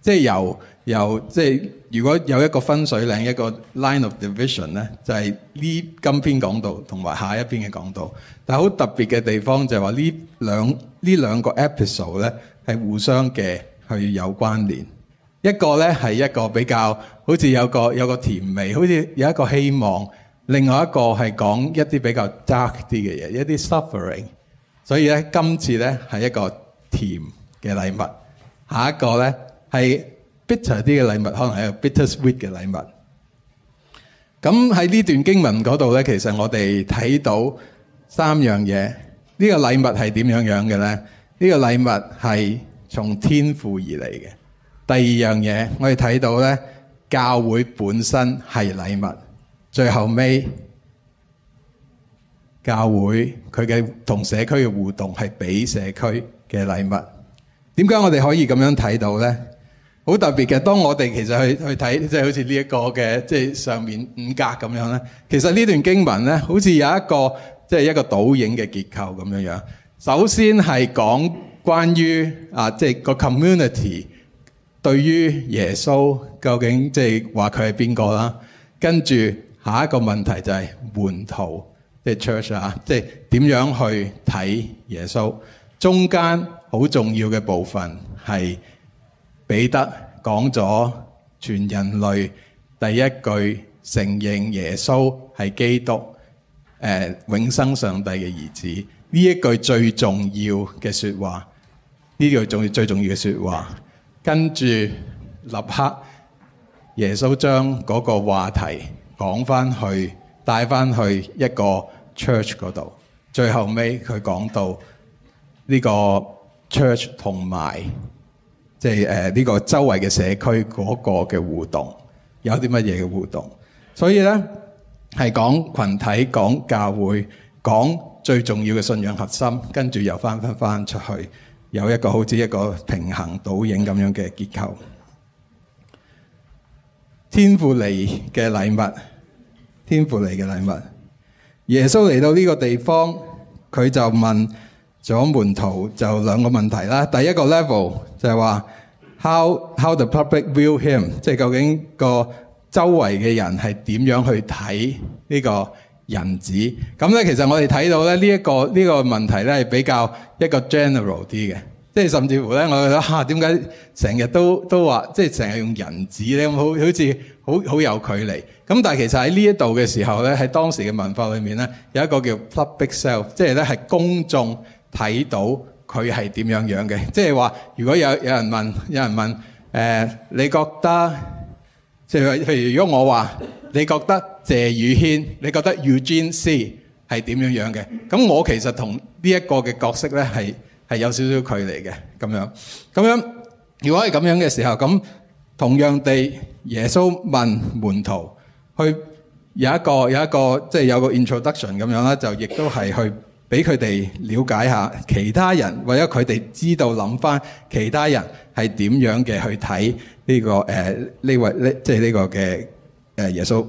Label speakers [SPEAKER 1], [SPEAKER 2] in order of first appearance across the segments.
[SPEAKER 1] 即係由由即係，如果有一個分水嶺，一個 line of division 咧，就係呢今篇講到同埋下一篇嘅講到。但係好特別嘅地方就係話呢兩呢兩個 episode 咧係互相嘅去有關聯。一個咧係一個比較好似有個有個甜味，好似有一個希望；另外一個係講一啲比較 dark 啲嘅嘢，一啲 suffering。所以咧今次咧係一個甜嘅禮物，下一個咧，係 bitter 啲嘅禮物，可能係個 bitter sweet 嘅禮物。咁喺呢段經文嗰度咧，其實我哋睇到三樣嘢。呢個禮物係點樣樣嘅咧？呢個禮物係從天父而嚟嘅。第二樣嘢，我哋睇到咧，教會本身係禮物。最後尾，教會佢嘅同社區嘅互動係俾社區嘅禮物。點解我哋可以咁樣睇到咧？好特別嘅，當我哋其實去去睇，即係好似呢一個嘅，即係上面五格咁樣咧。其實呢段經文咧，好似有一個即係一個倒影嘅結構咁樣樣。首先係講關於啊，即係個 community 對於耶穌究竟即係話佢係邊個啦。跟住下一個問題就係門徒，即係 church 啊，即係點樣去睇耶穌？中間好重要嘅部分係，彼得講咗全人類第一句承認耶穌係基督、呃，永生上帝嘅兒子，呢一句最重要嘅說話，呢句重要最重要嘅說話。跟住立刻耶穌將嗰個話題講翻去，帶翻去一個 church 嗰度。最後尾佢講到呢個 church 同埋。即係誒呢個周圍嘅社區嗰個嘅互動有啲乜嘢嘅互動？所以呢，係講群體講教會講最重要嘅信仰核心，跟住又翻翻翻出去有一個好似一個平衡倒影咁樣嘅結構。天父嚟嘅禮物，天父嚟嘅禮物。耶穌嚟到呢個地方，佢就問咗門徒就兩個問題啦。第一個 level。就係、是、話，how how the public view him，即係究竟個周圍嘅人係點樣去睇呢個人子？咁咧，其實我哋睇到咧，呢、這、一個呢、這個問題咧係比較一個 general 啲嘅，即係甚至乎咧，我覺得嚇點解成日都都話，即係成日用人子咧，咁好好似好好有距離。咁但係其實喺呢一度嘅時候咧，喺當時嘅文化裏面咧，有一個叫 public self，即係咧係公眾睇到。佢係點樣樣嘅？即係話如果有有人問有人問誒你覺得即係譬如，如果我話你覺得謝宇軒，你覺得 Eugene C 係點樣樣嘅？咁我其實同呢一個嘅角色咧，係係有少少距離嘅。咁樣咁樣如果係咁樣嘅時候，咁同樣地，耶穌問門徒去有一個有一個即係有個 introduction 咁樣啦，就亦都係去。俾佢哋了解下其他人，為咗佢哋知道諗翻其他人係點樣嘅，去睇呢個誒呢位呢即係呢個嘅誒耶穌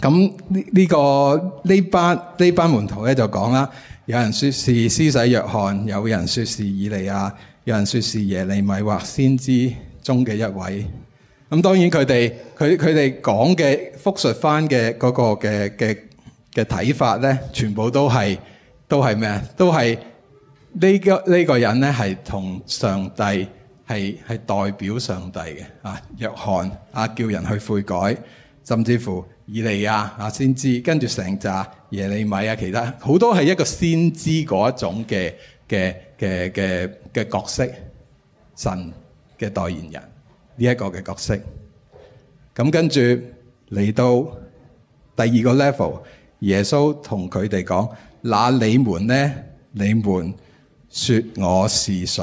[SPEAKER 1] 咁呢呢個呢班呢班門徒咧就講啦，有人說是施洗約翰，有人說是以利亞，有人說是耶利米或先知中嘅一位。咁、嗯、當然佢哋佢佢哋講嘅復述翻嘅嗰個嘅嘅嘅睇法咧，全部都係。都係咩？都係呢個呢個人咧，係同上帝係係代表上帝嘅啊。約翰啊，叫人去悔改，甚至乎以利亞啊，先知跟住成扎耶利米啊，其他好多係一個先知嗰一種嘅嘅嘅嘅嘅角色，神嘅代言人呢一個嘅角色。咁跟住嚟到第二個 level，耶穌同佢哋講。那你們呢？你們說我是誰？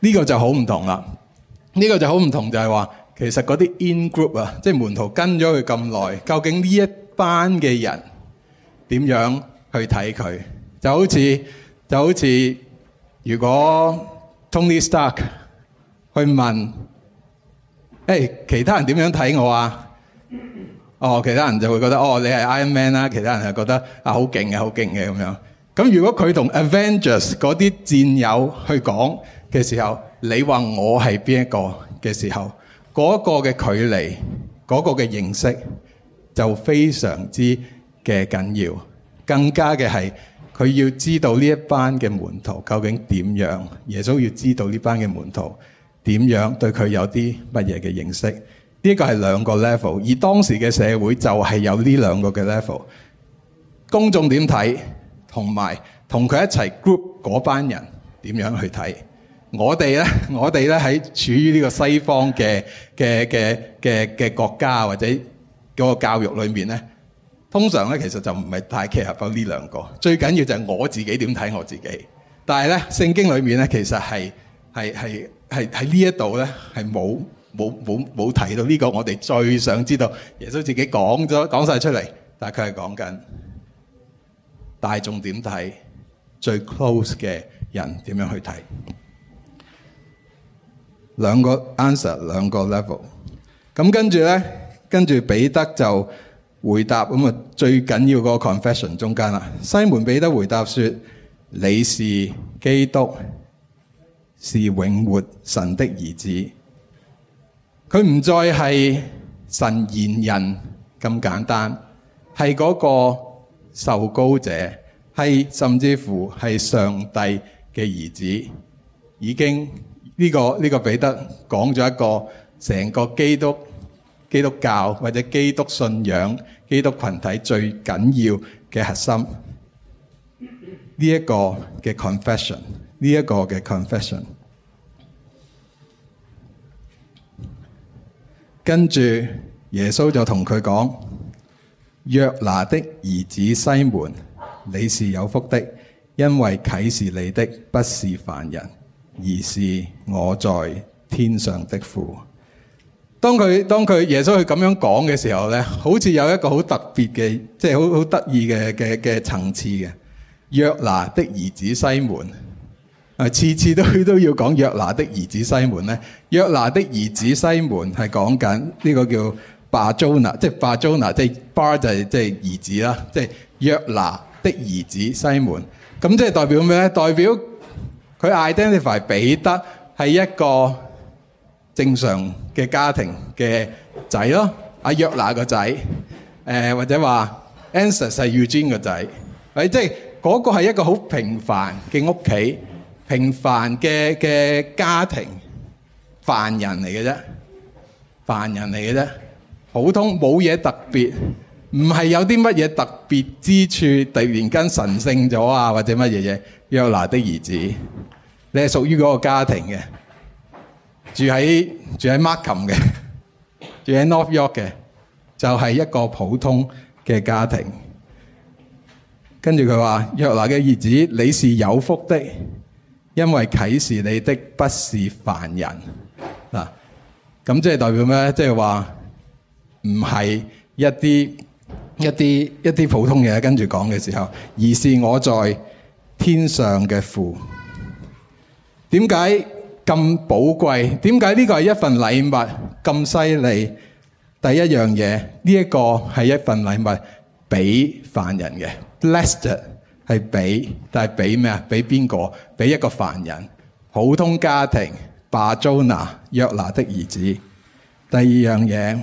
[SPEAKER 1] 呢、這個就好唔同啦。呢、這個就好唔同就是說，就係話其實嗰啲 in group 啊，即係門徒跟咗佢咁耐，究竟呢一班嘅人點樣去睇佢？就好似就好似，如果 Tony Stark 去問：哎、其他人點樣睇我啊？哦，其他人就會覺得哦，你係 Iron Man 啦。其他人係覺得啊，好勁嘅，好勁嘅咁樣。咁如果佢同 Avengers 嗰啲戰友去講嘅時候，你話我係邊一個嘅時候，嗰個嘅距離，嗰個嘅認識就非常之嘅緊要。更加嘅係佢要知道呢一班嘅門徒究竟點樣，耶穌要知道呢班嘅門徒點樣對佢有啲乜嘢嘅認識。呢、這、一個係兩個 level，而當時嘅社會就係有呢兩個嘅 level 公。公眾點睇，同埋同佢一齊 group 嗰班人點樣去睇？我哋咧，我哋咧喺處於呢個西方嘅嘅嘅嘅嘅國家或者嗰個教育裏面咧，通常咧其實就唔係太契合到呢兩個。最緊要就係我自己點睇我自己。但係咧，聖經裏面咧其實係係係係喺呢一度咧係冇。冇冇冇提到呢個，我哋最想知道耶穌自己講咗講晒出嚟，但佢係講緊大眾點睇，最 close 嘅人點樣去睇兩個 answer 兩個 level。咁跟住咧，跟住彼得就回答咁啊，最緊要個 confession 中間啦。西門彼得回答說：你是基督，是永活神的兒子。佢唔再係神言人咁簡單，係嗰個受膏者，係甚至乎係上帝嘅兒子。已經呢個呢個彼得講咗一個成個基督基督教或者基督信仰基督群體最緊要嘅核心，呢一個嘅 confession，呢一個嘅 confession。跟住耶穌就同佢講：約拿的兒子西門，你是有福的，因為啟示你的不是凡人，而是我在天上的父。當佢當佢耶穌佢咁樣講嘅時候咧，好似有一個好特別嘅，即係好好得意嘅嘅嘅層次嘅約拿的兒子西門。次次都都要講約拿的兒子西門咧。約拿的兒子西門係講緊呢個叫巴遭拿，即係巴遭拿，即係巴就係即係兒子啦，即係約拿的兒子西門。咁即係即係代表咩咧？代表佢 identify 彼得係一個正常嘅家庭嘅仔咯。阿約拿個仔，誒或者話安瑟係約翰嘅仔，係即係嗰個係一個好平凡嘅屋企。平凡嘅嘅家庭，凡人嚟嘅啫，凡人嚟嘅啫，普通冇嘢特別，唔係有啲乜嘢特別之處，突然間神聖咗啊，或者乜嘢嘢？約拿的兒子，你係屬於嗰個家庭嘅，住喺住喺 Markham 嘅，住喺 North York 嘅，就係、是、一個普通嘅家庭。跟住佢話約拿嘅兒子，你是有福的。因為啟示你的不是凡人嗱，咁即係代表咩？即係話唔係一啲一啲一啲普通嘢跟住講嘅時候，而是我在天上嘅父。點解咁寶貴？點解呢個係一份禮物咁犀利？第一樣嘢呢，一個係一份禮物俾凡人嘅。Blessed. 係俾，但係俾咩啊？俾邊個？俾一個凡人，普通家庭，巴遭娜約拿的兒子。第二樣嘢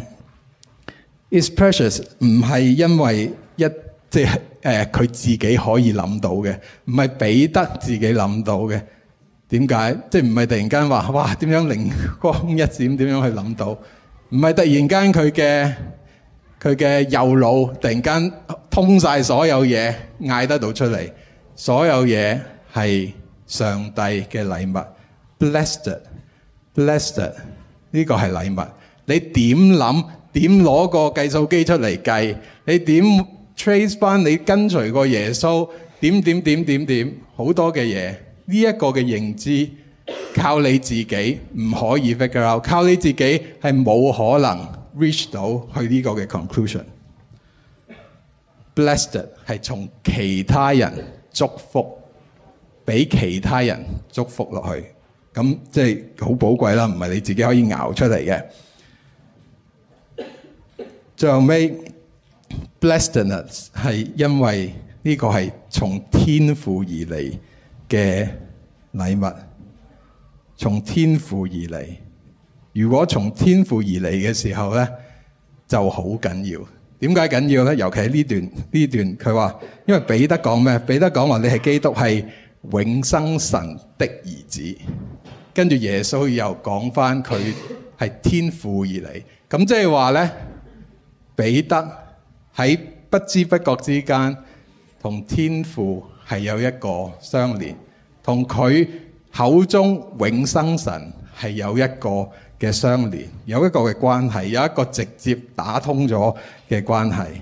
[SPEAKER 1] ，It's precious，唔係因為一即係誒，佢、就是呃、自己可以諗到嘅，唔係彼得自己諗到嘅。點解？即係唔係突然間話哇？點樣靈光一閃？點樣去諗到？唔係突然間佢嘅佢嘅右腦突然間。通曬所有嘢嗌得到出嚟，所有嘢係上帝嘅禮物，blessed，blessed，呢個係禮物。你點諗？點攞個計數機出嚟計？你點 trace 翻你跟隨過耶穌？點點點點點好多嘅嘢。呢一個嘅認知靠你自己唔可以 figure out，靠你自己係冇可能 reach 到去呢個嘅 conclusion。Blessed 係從其他人祝福，俾其他人祝福落去，咁即係好寶貴啦，唔係你自己可以熬出嚟嘅。最後尾 Blessedness 係因為呢個係從天父而嚟嘅禮物，從天父而嚟。如果從天父而嚟嘅時候咧，就好緊要。點解緊要咧？尤其係呢段呢段，佢話因為彼得講咩？彼得講話你係基督係永生神的兒子，跟住耶穌又講返佢係天父而嚟。咁即係話咧，彼得喺不知不覺之間同天父係有一個相連，同佢口中永生神係有一個。嘅相連有一個嘅關係，有一個直接打通咗嘅關係，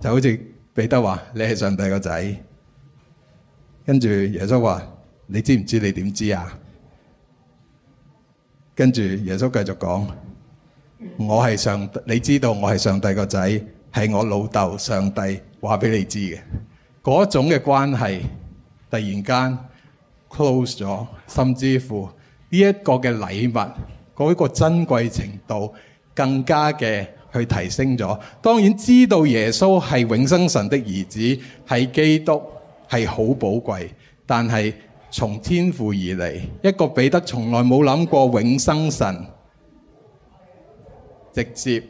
[SPEAKER 1] 就好似彼得話：你係上帝個仔，跟住耶穌話：你知唔知你點知啊？跟住耶穌繼續講：我係上，你知道我係上帝個仔，係我老豆上帝話俾你知嘅。嗰種嘅關係突然間 close 咗，甚至乎。呢、這、一個嘅禮物，嗰、這個珍貴程度更加嘅去提升咗。當然知道耶穌係永生神的兒子，係基督，係好寶貴，但係從天父而嚟，一個彼得，從來冇諗過永生神直接去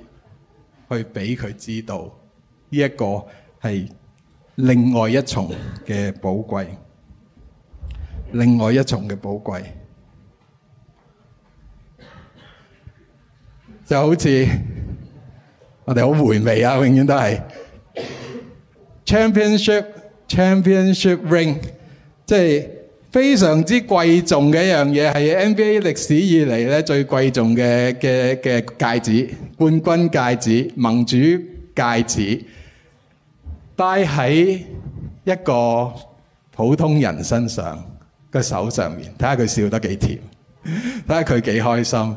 [SPEAKER 1] 畀佢知道，呢一、這個係另外一重嘅寶貴，另外一重嘅寶貴。就好似我哋好回味啊，永遠都係 championship championship ring，即係非常之貴重嘅一樣嘢，係 NBA 歷史以嚟咧最貴重嘅嘅嘅戒指，冠軍戒指、盟主戒指，戴喺一個普通人身上個手上面，睇下佢笑得幾甜，睇下佢幾開心。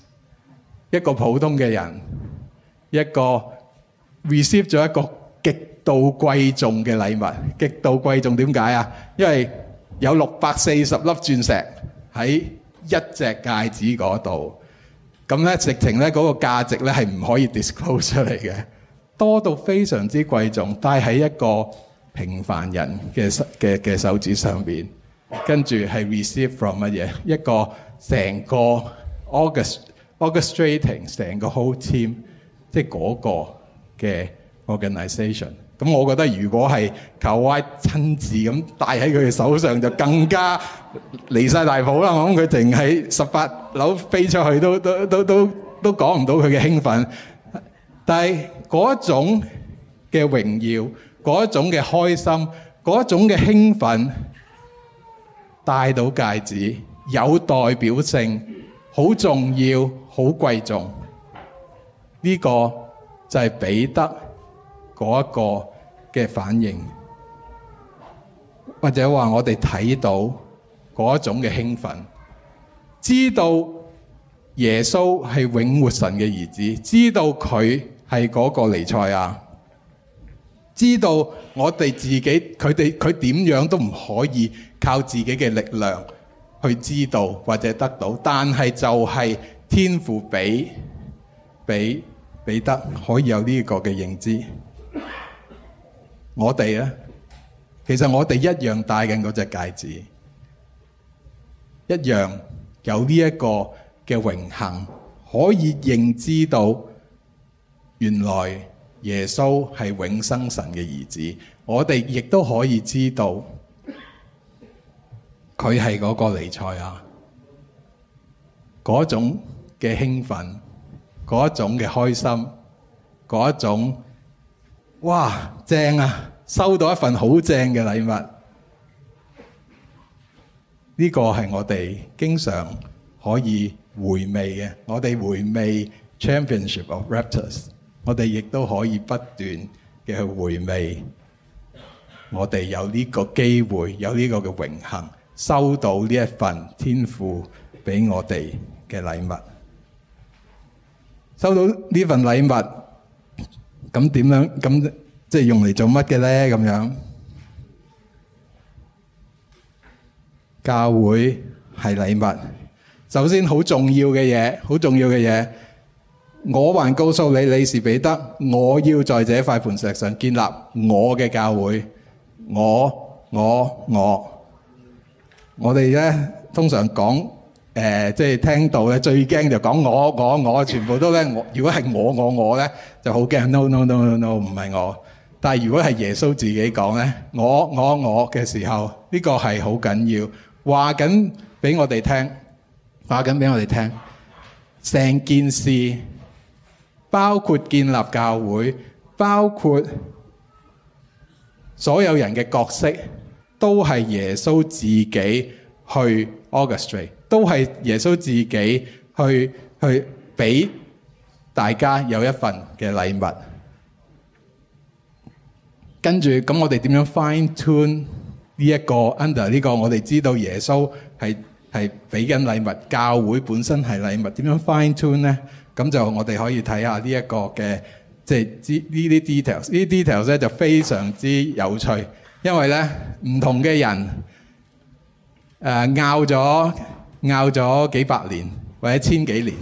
[SPEAKER 1] 一個普通嘅人，一個 receive 咗一個極度貴重嘅禮物。極度貴重點解啊？因為有六百四十粒鑽石喺一隻戒指度。咁咧直情咧、個價值咧係唔可以 disclose 出嚟嘅，多到非常之貴重，戴喺一個平凡人嘅嘅嘅手指上邊。跟住係 receive from 乜嘢？一個成個 August。orchestrating 成個 whole team，即係嗰個嘅 organisation。咁我覺得如果係球會親自咁戴喺佢嘅手上，就更加離曬大譜啦。我諗佢淨係十八樓飛出去都都都都都講唔到佢嘅興奮。但係嗰種嘅榮耀、嗰種嘅開心、嗰種嘅興奮，戴到戒指有代表性。好重要，好貴重。呢、這個就係彼得嗰一個嘅反應，或者話我哋睇到嗰種嘅興奮，知道耶穌係永活神嘅兒子，知道佢係嗰個尼賽亞，知道我哋自己，佢哋，佢點樣都唔可以靠自己嘅力量。去知道或者得到，但係就係天父俾俾彼得可以有呢個嘅認知。我哋咧，其實我哋一樣戴緊嗰隻戒指，一樣有呢一個嘅榮幸，可以認知到原來耶穌係永生神嘅兒子。我哋亦都可以知道。佢係嗰個理賽啊！嗰種嘅興奮，嗰種嘅開心，嗰種，哇！正啊，收到一份好正嘅禮物。呢、這個係我哋經常可以回味嘅。我哋回味 Championship of Raptors，我哋亦都可以不斷嘅去回味。我哋有呢個機會，有呢個嘅榮幸。收到呢一份天父俾我哋嘅禮物，收到呢份禮物，咁點樣？咁即係用嚟做乜嘅咧？咁樣，教會係禮物。首先好重要嘅嘢，好重要嘅嘢。我還告訴你，你是彼得，我要在這塊磐石上建立我嘅教會。我，我，我。我哋呢，通常講誒，即係聽到咧，最驚就講我我我，全部都咧。如果係我我我咧，就好驚 no no no no，唔係我。但係如果係耶穌自己講咧，我我我嘅時候，呢個係好緊要，話緊俾我哋聽，話緊俾我哋聽，成件事包括建立教會，包括所有人嘅角色。都係耶穌自己去 orchestrate，都係耶穌自己去去俾大家有一份嘅禮物。跟住咁，我哋點樣 fine tune 呢一個 under 呢個？我哋知道耶穌係係俾緊禮物，教會本身係禮物。點樣 fine tune 呢？咁就我哋可以睇下呢一個嘅即係呢啲 details 呢啲 details 咧就非常之有趣。因為咧唔同嘅人誒、呃、拗咗拗咗幾百年或者千幾年，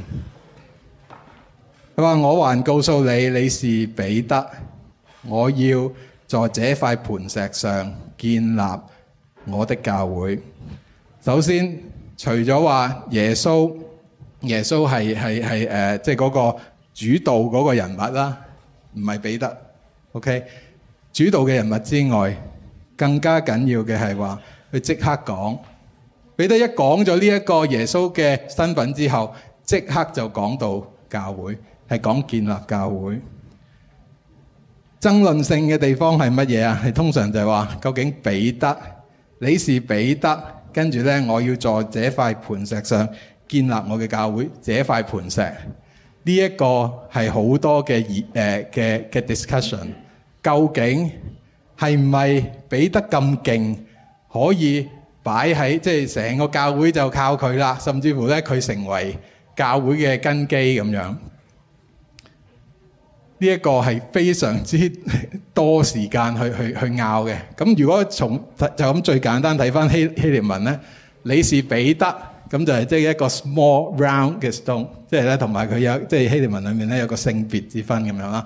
[SPEAKER 1] 佢話我還告訴你，你是彼得，我要在這塊磐石上建立我的教會。首先，除咗話耶穌耶穌係係係誒，即係嗰個主導嗰個人物啦，唔係彼得。OK, 主導嘅人物之外。更加緊要嘅係話，佢即刻講彼得一講咗呢一個耶穌嘅身份之後，即刻就講到教會係講建立教會。爭論性嘅地方係乜嘢啊？係通常就係話，究竟彼得你是彼得，跟住咧，我要在這塊磐石上建立我嘅教會，這塊磐石呢一個係好多嘅誒嘅嘅 discussion，究竟？係唔係彼得咁勁？可以擺喺即係成個教會就靠佢啦，甚至乎咧佢成為教會嘅根基咁樣。呢一個係非常之多時間去去去拗嘅。咁如果從就咁最簡單睇翻希希臘文咧，你是彼得咁就係即係一個 small round 嘅 stone，即係咧同埋佢有即係希臘文裏面咧有個性別之分咁樣啦。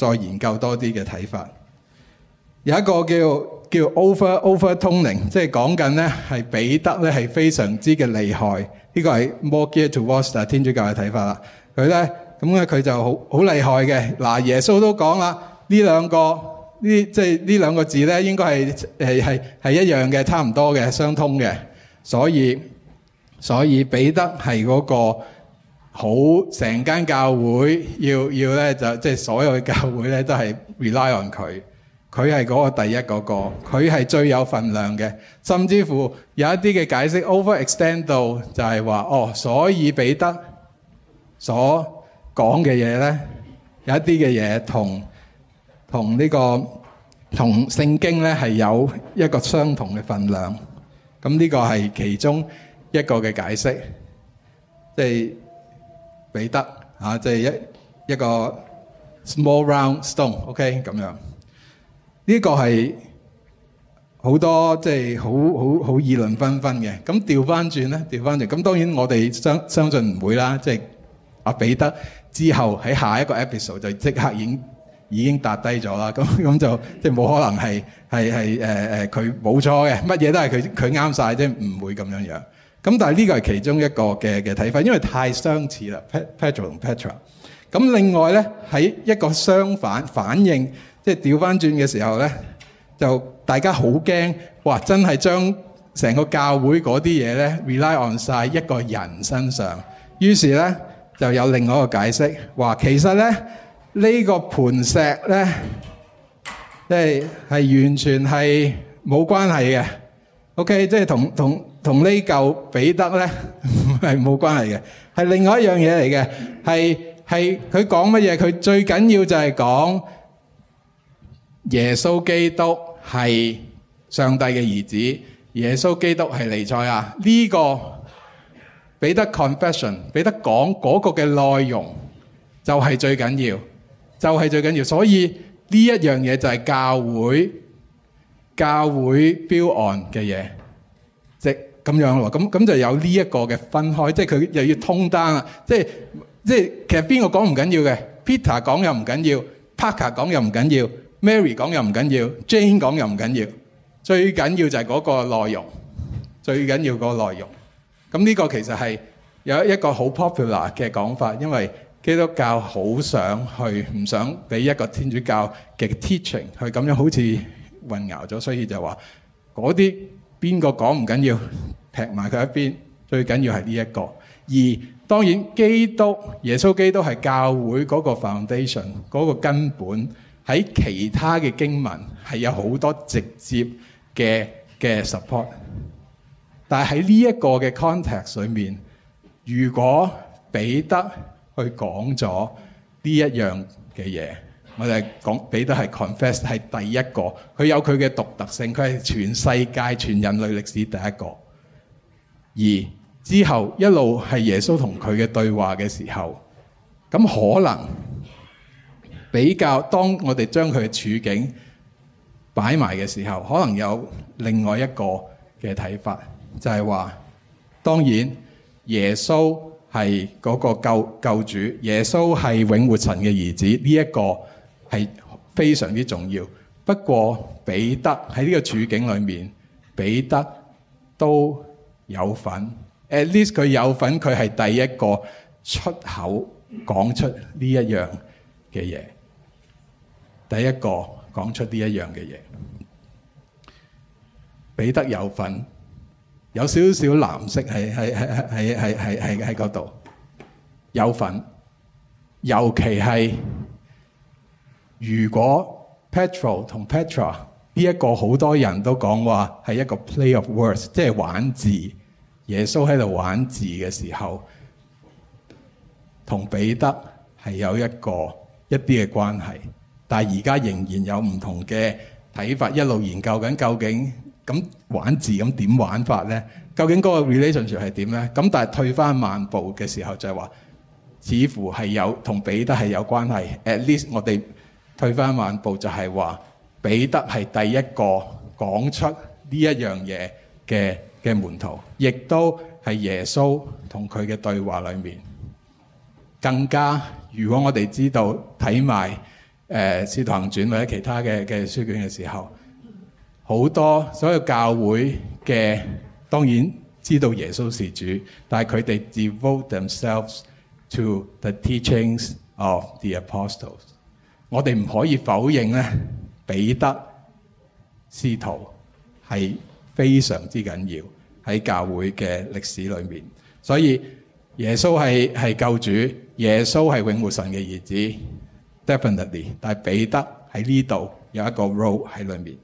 [SPEAKER 1] 再研究多啲嘅睇法，有一個叫叫 over over 通靈，即係講緊咧係彼得咧係非常之嘅厲害，呢、這個係 more geared towards the 天主教嘅睇法啦。佢咧咁咧佢就好好厲害嘅嗱、啊，耶穌都講啦，呢兩個呢即係呢兩個字咧應該係係係係一樣嘅，差唔多嘅，相通嘅，所以所以彼得係嗰、那個。好，成間教會要要咧就即係所有嘅教會咧都係 rely on 佢，佢係嗰個第一嗰個，佢係最有份量嘅。甚至乎有一啲嘅解釋 over extend 到就係話哦，所以彼得所講嘅嘢咧，有一啲嘅嘢同同呢個同聖經咧係有一個相同嘅份量。咁呢個係其中一個嘅解釋，即係。彼得啊，即、就、係、是、一一個 small round stone，OK、okay? 咁樣、這個就是、紛紛呢個係好多即係好好好議論紛紛嘅。咁調翻轉咧，調翻轉咁，當然我哋相相信唔會啦。即係阿彼得之後喺下一個 episode 就即刻已經已經達低咗啦。咁咁就即係冇可能係係係誒誒佢冇錯嘅，乜嘢、呃、都係佢佢啱曬即係，唔、就是、會咁樣樣。咁但係呢個係其中一個嘅嘅睇法，因為太相似啦，Petro 同 Petra。咁另外咧，喺一個相反反應，即係掉返轉嘅時候咧，就大家好驚，哇！真係將成個教會嗰啲嘢咧 rely on 晒一個人身上。於是咧就有另外一個解釋，話其實咧呢個磐石咧，即係係完全係冇關係嘅。OK，即係同同。同呢嚿彼得咧係冇關係嘅，係另外一樣嘢嚟嘅，係係佢講乜嘢？佢最緊要就係講耶穌基督係上帝嘅兒子，耶穌基督係彌賽亞！呢個彼得 confession，彼得講嗰個嘅內容就係最緊要，就係最緊要。所以呢一樣嘢就係教會教會 built on 嘅嘢。咁樣咯，咁咁就有呢一個嘅分開，即係佢又要 tone down 啦。即係即係，其實邊個講唔緊要嘅，Peter 講又唔緊要，Parker 講又唔緊要，Mary 講又唔緊要，Jane 講又唔緊要。最緊要就係嗰個內容，最緊要個內容。咁呢個其實係有一個好 popular 嘅講法，因為基督教好想去唔想俾一個天主教嘅 teaching 去咁樣好似混淆咗，所以就話嗰啲。邊個講唔緊要，撇埋佢一邊，最緊要係呢一個。而當然，基督耶穌基督係教會嗰個 foundation，嗰個根本喺其他嘅經文係有好多直接嘅嘅 support。但係喺呢一個嘅 context 裏面，如果彼得去講咗呢一樣嘅嘢，我哋講俾都係 confess 係第一個，佢有佢嘅獨特性，佢係全世界全人類歷史第一個。而之後一路係耶穌同佢嘅對話嘅時候，咁可能比較當我哋將佢嘅處境擺埋嘅時候，可能有另外一個嘅睇法，就係話當然耶穌係嗰個救救主，耶穌係永活神嘅兒子呢一個。係非常之重要。不過彼得喺呢個處境裏面，彼得都有份。at least 佢有份，佢係第一個出口講出呢一樣嘅嘢。第一個講出呢一樣嘅嘢，彼得有份，有少少藍色喺喺喺喺嗰度有份，尤其係。如果 petrol 同 petra 呢一個好多人都講話係一個 play of words，即係玩字。耶穌喺度玩字嘅時候，同彼得係有一個一啲嘅關係，但係而家仍然有唔同嘅睇法，一路研究緊究竟咁玩字咁點玩法咧？究竟嗰個 relationship 係點咧？咁但係退翻萬步嘅時候，就係話似乎係有同彼得係有關係，at least 我哋。退翻晚步就係話，彼得係第一個講出呢一樣嘢嘅嘅門徒，亦都係耶穌同佢嘅對話裏面。更加，如果我哋知道睇埋誒呃，《使徒行傳》或者其他嘅嘅書卷嘅時候，好多所有教會嘅當然知道耶穌是主，但係佢哋 devote themselves to the teachings of the apostles。我哋唔可以否認咧，彼得、師徒係非常之緊要喺教會嘅歷史裏面。所以耶穌係係救主，耶穌係永活神嘅兒子，definitely。但係彼得喺呢度有一個 role 喺裏面。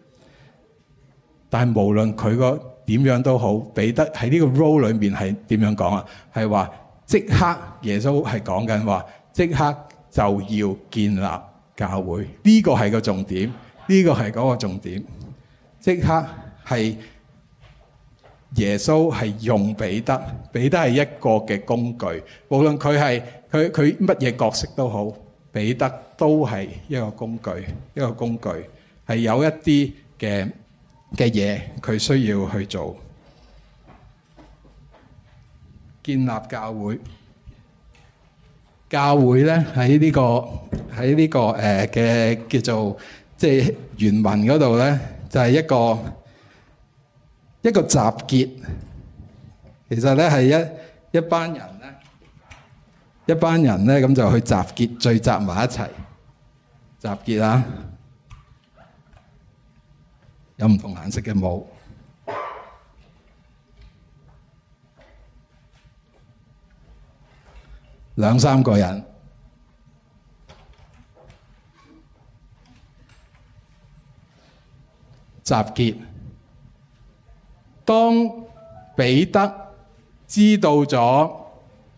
[SPEAKER 1] 但係無論佢個點樣都好，彼得喺呢個 role 裏面係點樣講啊？係話即刻耶穌係講緊話，即刻就要建立。教會呢個係個重點，呢個係嗰個重點。即刻係耶穌係用彼得，彼得係一個嘅工具，無論佢係佢佢乜嘢角色都好，彼得都係一個工具，一個工具係有一啲嘅嘅嘢，佢需要去做，建立教會。教會呢喺喺呢個呢個喺、呢個呃、叫做即係原文嗰度呢，就係、係、一個一個集結。其實呢係一一班人呢，一班人呢咁就去集結，聚集埋一齊集結啊！有唔同顏色嘅帽。兩三個人集結。當彼得知道咗，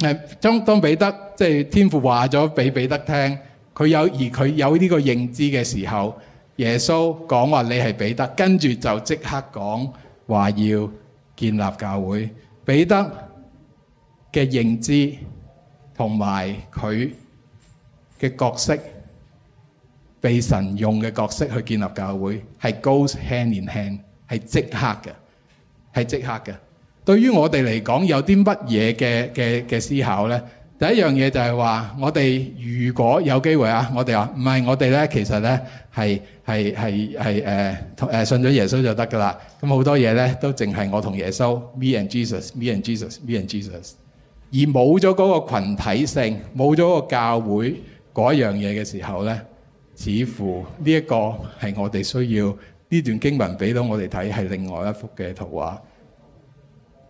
[SPEAKER 1] 誒，當當彼得即係天父話咗俾彼得聽，佢有而佢有呢個認知嘅時候，耶穌講話你係彼得，跟住就即刻講話要建立教會。彼得嘅認知。同埋佢嘅角色，被神用嘅角色去建立教會，係 goes hand in hand，係即刻嘅，係即刻嘅。對於我哋嚟講，有啲乜嘢嘅嘅嘅思考咧？第一樣嘢就係話，我哋如果有機會啊，我哋話唔係，我哋咧其實咧係係係係、呃、信咗耶穌就得㗎啦。咁好多嘢咧都淨係我同耶穌，me and Jesus，me and Jesus，me and Jesus。而冇咗嗰個群體性，冇咗個教會嗰一樣嘢嘅時候呢，似乎呢一個係我哋需要呢段經文俾到我哋睇，係另外一幅嘅圖畫。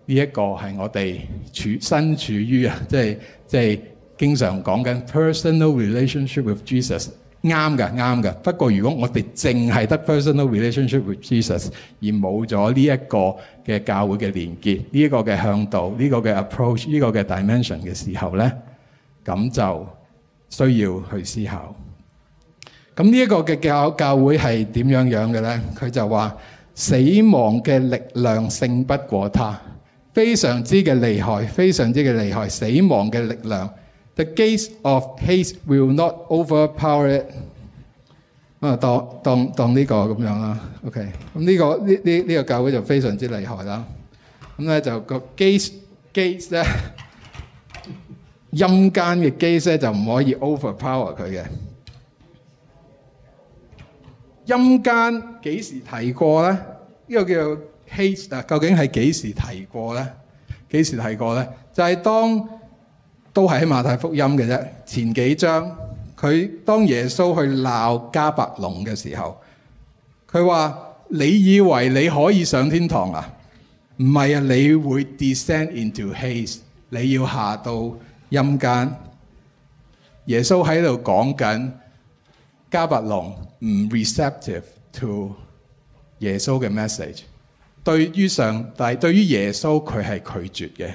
[SPEAKER 1] 呢、這、一個係我哋處身身處於啊，即係即係經常講緊 personal relationship with Jesus。啱嘅，啱嘅。不過如果我哋淨係得 personal relationship with Jesus 而冇咗呢一個嘅教會嘅連結，呢一個嘅向導，呢個嘅 approach，呢個嘅 dimension 嘅時候呢，咁就需要去思考。咁呢一個嘅教教會係點樣樣嘅呢？佢就話死亡嘅力量勝不過他，非常之嘅厲害，非常之嘅厲害，死亡嘅力量。The gates of Hades will not overpower it。啊，當當當呢個咁樣啦，OK。咁呢個呢呢呢個教會就非常之厲害啦。咁咧就個 gates gates 咧陰間嘅 gates 咧就唔可以 overpower 佢嘅。陰間幾時提過咧？呢個叫做 Hades 嗱，究竟係幾時提過咧？幾時提過咧？就係當都係喺馬太福音嘅啫，前幾章佢當耶穌去鬧迦百農嘅時候，佢話：你以為你可以上天堂啊？唔係啊，你會 descend into Hades，你要下到陰間。耶穌喺度講緊迦百農唔 receptive to 耶穌嘅 message，對於上帝，對於耶穌佢係拒絕嘅。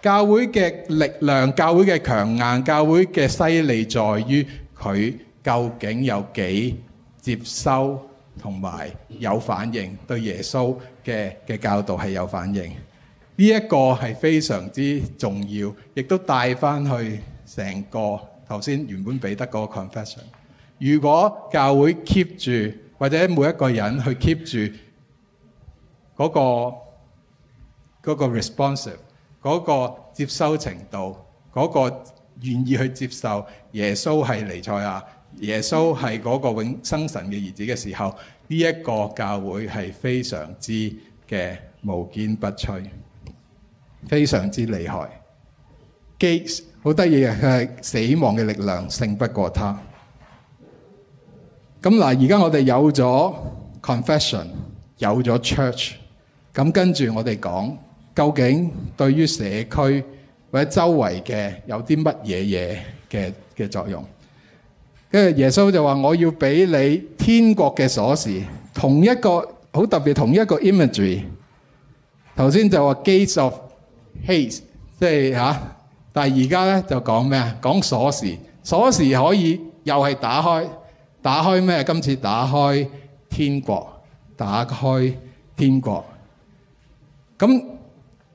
[SPEAKER 1] 教會嘅力量、教會嘅強硬、教會嘅犀利，在於佢究竟有幾接收同埋有,有反應。對耶穌嘅嘅教導係有反應呢一、這個係非常之重要，亦都帶翻去成個頭先原本彼得嗰個 confession。如果教會 keep 住或者每一個人去 keep 住嗰、那個嗰、那個 responsive 嗰、那個接收程度，嗰、那個願意去接受耶穌係尼賽亞，耶穌係嗰個永生神嘅兒子嘅時候，呢、這、一個教會係非常之嘅無堅不摧，非常之厲害。gates 好得意嘅係死亡嘅力量勝不過他。咁嗱，而家我哋有咗 confession，有咗 church，咁跟住我哋講。究竟對於社區或者周圍嘅有啲乜嘢嘢嘅嘅作用？跟住耶穌就話：我要俾你天國嘅鎖匙。同一個好特別，同一個 imagery。頭先就話 gates of Hades，即係嚇，但係而家咧就講咩啊？講鎖匙，鎖匙可以又係打開，打開咩？今次打開天國，打開天國。咁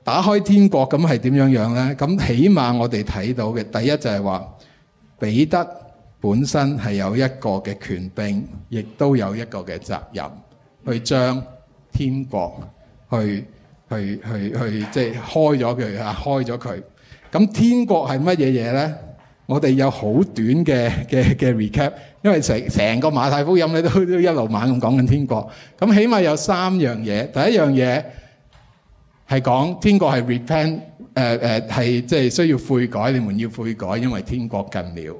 [SPEAKER 1] 打開天國咁係點樣樣呢？咁起碼我哋睇到嘅第一就係話，彼得本身係有一個嘅權柄，亦都有一個嘅責任去將天國去去去去即係開咗佢嚇，開咗佢。咁天國係乜嘢嘢呢？我哋有好短嘅嘅嘅 recap，因為成成個馬太福音咧都都一路猛咁講緊天國。咁起碼有三樣嘢，第一樣嘢。係講天國係 repent，誒誒係即係需要悔改，你們要悔改，因為天國近了。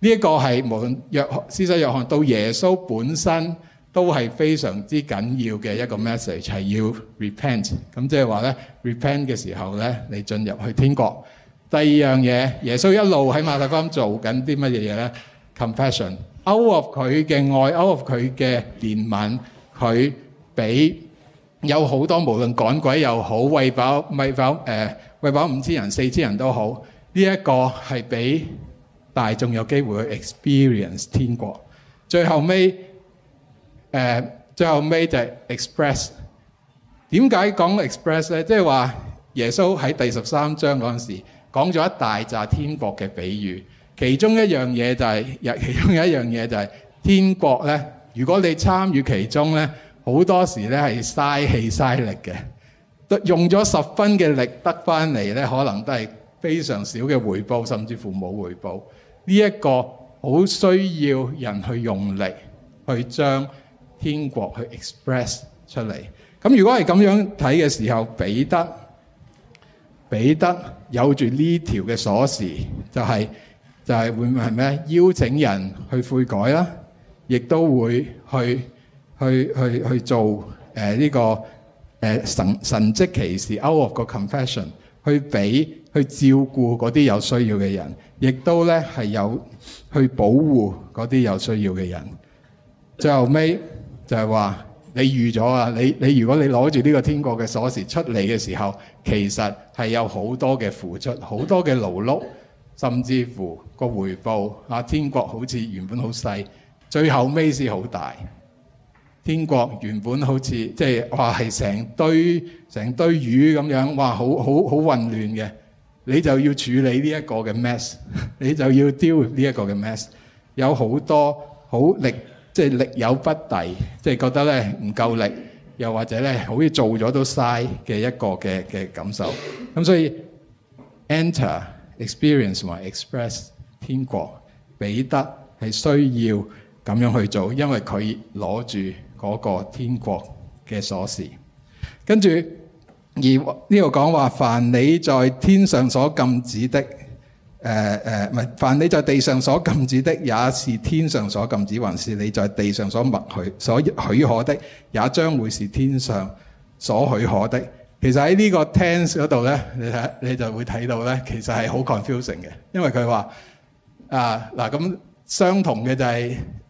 [SPEAKER 1] 呢、這、一個係無論約翰、施洗約翰到耶穌本身，都係非常之緊要嘅一個 message，係要 repent。咁即係話咧，repent 嘅時候咧，你進入去天國。第二樣嘢，耶穌一路喺馬太福音做緊啲乜嘢嘢咧？compassion，out of 佢嘅愛，out of 佢嘅憐憫，佢俾。有好多無論趕鬼又好喂飽餵飽誒餵飽、呃、五千人四千人都好呢一、這個係俾大眾有機會去 experience 天國。最後尾、呃、最後尾就係 express 點解講 express 咧？即係話耶穌喺第十三章嗰陣時講咗一大紮天國嘅比喻，其中一樣嘢就係、是、其中有一樣嘢就係、是、天國咧。如果你參與其中咧。好多時咧係嘥氣嘥力嘅，用咗十分嘅力得翻嚟咧，可能都係非常少嘅回報，甚至乎冇回報。呢一個好需要人去用力去將天國去 express 出嚟。咁如果係咁樣睇嘅時候，彼得彼得有住呢條嘅鎖匙，就係就係會唔會係咩？邀請人去悔改啦，亦都會去。去去去做誒呢、呃這個誒、呃、神神蹟奇事 out of 個 confession 去俾去照顧嗰啲有需要嘅人，亦都咧係有去保護嗰啲有需要嘅人。最後尾就係話你預咗啊，你你，你如果你攞住呢個天國嘅鎖匙出嚟嘅時候，其實係有好多嘅付出，好多嘅勞碌，甚至乎個回報啊，天國好似原本好細，最後尾先好大。天國原本好似即係話係成堆成堆魚咁樣，哇！好好好混亂嘅，你就要處理呢一個嘅 mess，你就要 deal 呢一個嘅 mess。有好多好力，即係力有不逮，即係覺得咧唔夠力，又或者咧好似做咗都嘥嘅一個嘅嘅感受。咁所以 enter experience or express 天國彼得係需要咁樣去做，因為佢攞住。嗰、那個天國嘅鎖匙，跟住而呢度講話，凡你在天上所禁止的，誒、呃、誒，唔係、呃、凡你在地上所禁止的，也是天上所禁止，還是你在地上所默許所許可的，也將會是天上所許可的。其實喺呢個 tense 嗰度咧，你睇你就會睇到咧，其實係好 confusing 嘅，因為佢話啊嗱，咁相同嘅就係、是。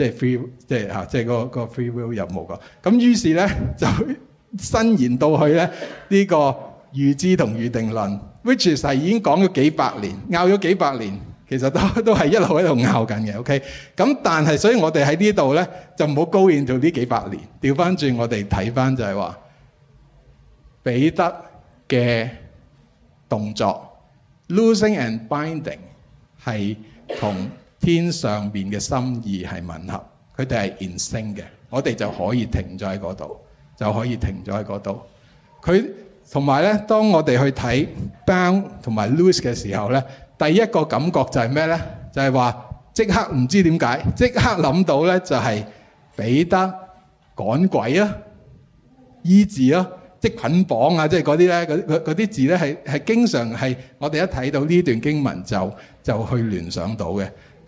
[SPEAKER 1] 即係 free，即係嚇，即係嗰個嗰個 free will 任務㗎。咁於是咧就伸延到去咧呢個預知同預定論，which 就係已經講咗幾百年，拗咗幾百年，其實都都係一路喺度拗緊嘅。OK，咁但係所以我哋喺呢度咧就唔好高興做呢幾百年，調翻轉我哋睇翻就係話彼得嘅動作 losing and binding 係同。天上面嘅心意係吻合，佢哋係 in sync 嘅，我哋就可以停咗喺嗰度，就可以停咗喺嗰度。佢同埋咧，當我哋去睇 bound 同埋 loose 嘅時候咧，第一個感覺就係咩咧？就係話即刻唔知點解，即刻諗到咧就係彼得趕鬼啊、醫治啊、即捆綁、綁啊，即係嗰啲咧，嗰啲字咧係係經常係我哋一睇到呢段經文就就去聯想到嘅。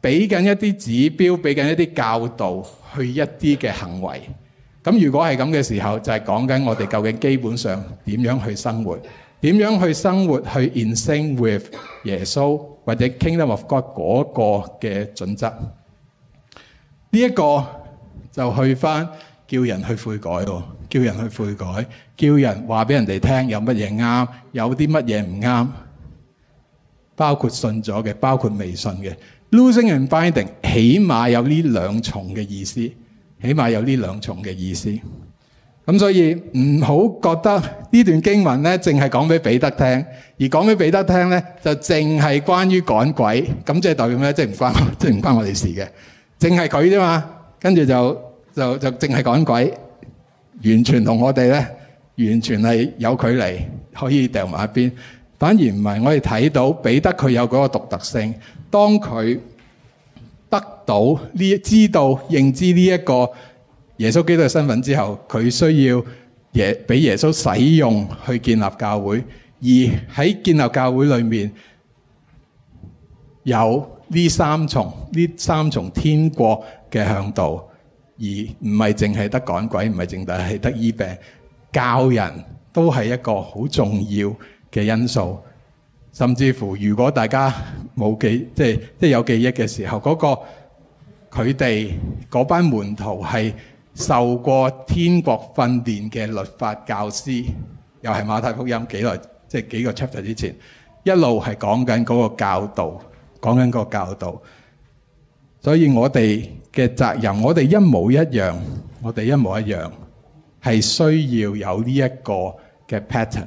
[SPEAKER 1] 俾緊一啲指標，俾緊一啲教導，去一啲嘅行為。咁如果係咁嘅時候，就係講緊我哋究竟基本上點樣去生活，點樣去生活去 in sync with 耶穌或者 Kingdom of God 嗰個嘅準則。呢、這、一個就去返叫人去悔改喎，叫人去悔改，叫人話俾人哋聽有乜嘢啱，有啲乜嘢唔啱，包括信咗嘅，包括未信嘅。Losing and Finding 起碼有呢兩重嘅意思，起碼有呢兩重嘅意思。咁所以唔好覺得呢段經文咧，淨係講俾彼得聽，而講俾彼得聽咧，就淨係關於趕鬼。咁即係代表咩？即係唔關，即係唔關我哋事嘅。淨係佢啫嘛，跟住就就就淨係趕鬼，完全同我哋咧，完全係有距離，可以掉埋一邊。反而唔係，我哋睇到彼得佢有嗰個獨特性。當佢得到呢、知道、認知呢一個耶穌基督嘅身份之後，佢需要耶俾耶穌使用去建立教會，而喺建立教會裏面有呢三重、呢三重天國嘅向導，而唔係淨係得趕鬼，唔係淨係得醫病，教人都係一個好重要嘅因素。甚至乎，如果大家冇記，即係即係有記憶嘅時候，嗰個佢哋嗰班門徒係受過天國訓練嘅律法教師，又係馬太福音幾耐，即係幾個 chapter 之前，一路係講緊嗰個教導，講緊嗰個教導。所以我哋嘅責任，我哋一模一樣，我哋一模一樣，係需要有呢一個嘅 pattern。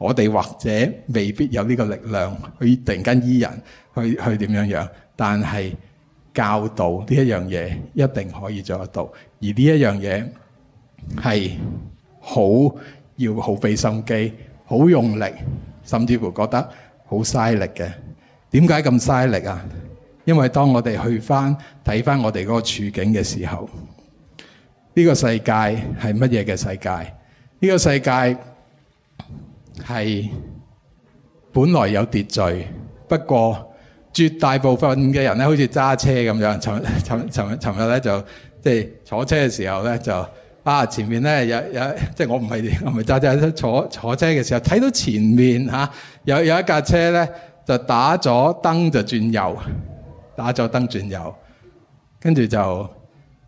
[SPEAKER 1] 我哋或者未必有呢個力量去突然間醫人，去去點樣樣，但係教導呢一樣嘢一定可以做得到。而呢一樣嘢係好要好費心機，好用力，甚至乎覺得好嘥力嘅。點解咁嘥力啊？因為當我哋去翻睇翻我哋嗰個處境嘅時候，呢個世界係乜嘢嘅世界？呢個世界。係本來有秩序，不過絕大部分嘅人咧，好似揸車咁樣，尋尋尋尋日咧就即係、就是、坐車嘅時候咧就啊前面咧有有即係、就是、我唔係我唔係揸車，坐坐車嘅時候睇到前面吓、啊、有有一架車咧就打咗燈就轉右，打咗燈轉右，跟住就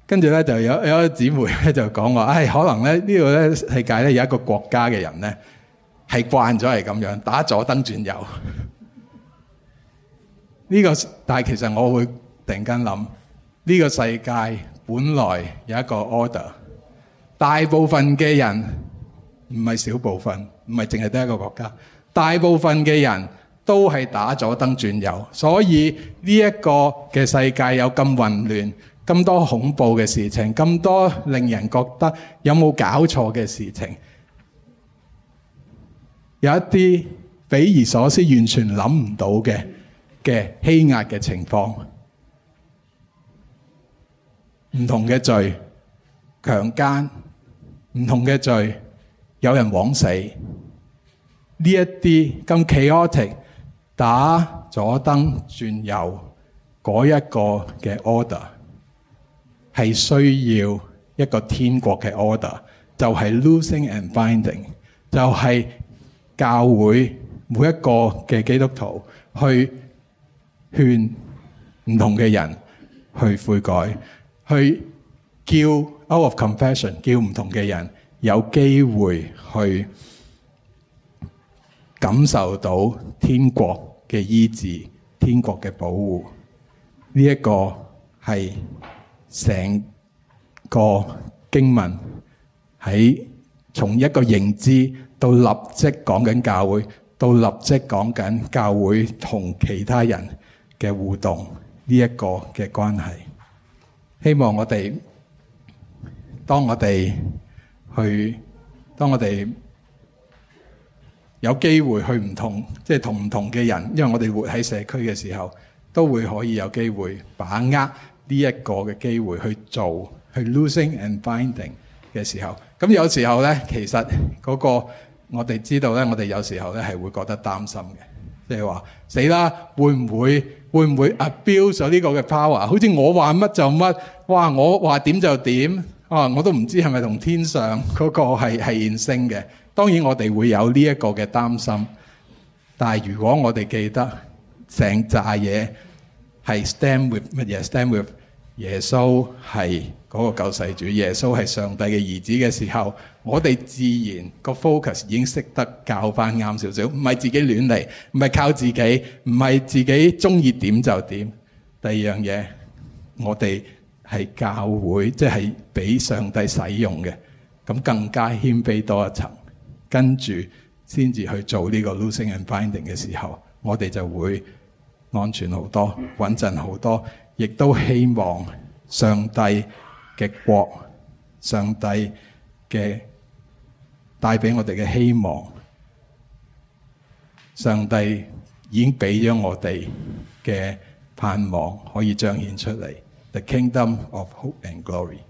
[SPEAKER 1] 跟住咧就有有一姊妹咧就講話唉可能咧呢度咧世界咧有一個國家嘅人咧。係慣咗嚟咁樣打左燈轉右。呢個 但係其實我會突然間諗：呢個世界本來有一個 order，大部分嘅人唔係少部分，唔係淨係得一個國家，大部分嘅人都係打左燈轉右。所以呢一個嘅世界有咁混亂、咁多恐怖嘅事情、咁多令人覺得有冇搞錯嘅事情。有一啲匪夷所思、完全諗唔到嘅嘅欺壓嘅情況，唔同嘅罪強姦，唔同嘅罪有人枉死。呢一啲咁 chaotic 打左燈轉右嗰一個嘅 order 係需要一個天國嘅 order，就係 losing and binding 就係、是。教會每一個嘅基督徒去勸唔同嘅人去悔改，去叫 out of confession，叫唔同嘅人有機會去感受到天國嘅醫治、天國嘅保護。呢一個、這個係成個經文喺從一個認知。到立即講緊教會，到立即講緊教會同其他人嘅互動呢一個嘅關係。希望我哋，當我哋去，當我哋有機會去唔同，即係同唔同嘅人，因為我哋活喺社區嘅時候，都會可以有機會把握呢一個嘅機會去做，去 losing and finding 嘅時候。咁有時候呢，其實嗰個我哋知道咧，我哋有時候咧係會覺得擔心嘅，即係話死啦，會唔會會唔會啊，abuse 咗呢個嘅 power，好似我話乜就乜，哇，我話點就點，啊，我都唔知係咪同天上嗰個係係現星嘅。當然我哋會有呢一個嘅擔心，但係如果我哋記得成炸嘢係 stand with 乜嘢，stand with 耶穌係嗰個救世主，耶穌係上帝嘅兒子嘅時候。我哋自然個 focus 已經識得教返啱少少，唔係自己亂嚟，唔係靠自己，唔係自己中意點就點。第二樣嘢，我哋係教會，即係俾上帝使用嘅，咁更加謙卑多一層。跟住先至去做呢個 losing and finding 嘅時候，我哋就會安全好多，穩陣好多，亦都希望上帝嘅國、上帝嘅帶俾我哋嘅希望，上帝已經俾咗我哋嘅盼望可以彰顯出嚟，The Kingdom of Hope and Glory。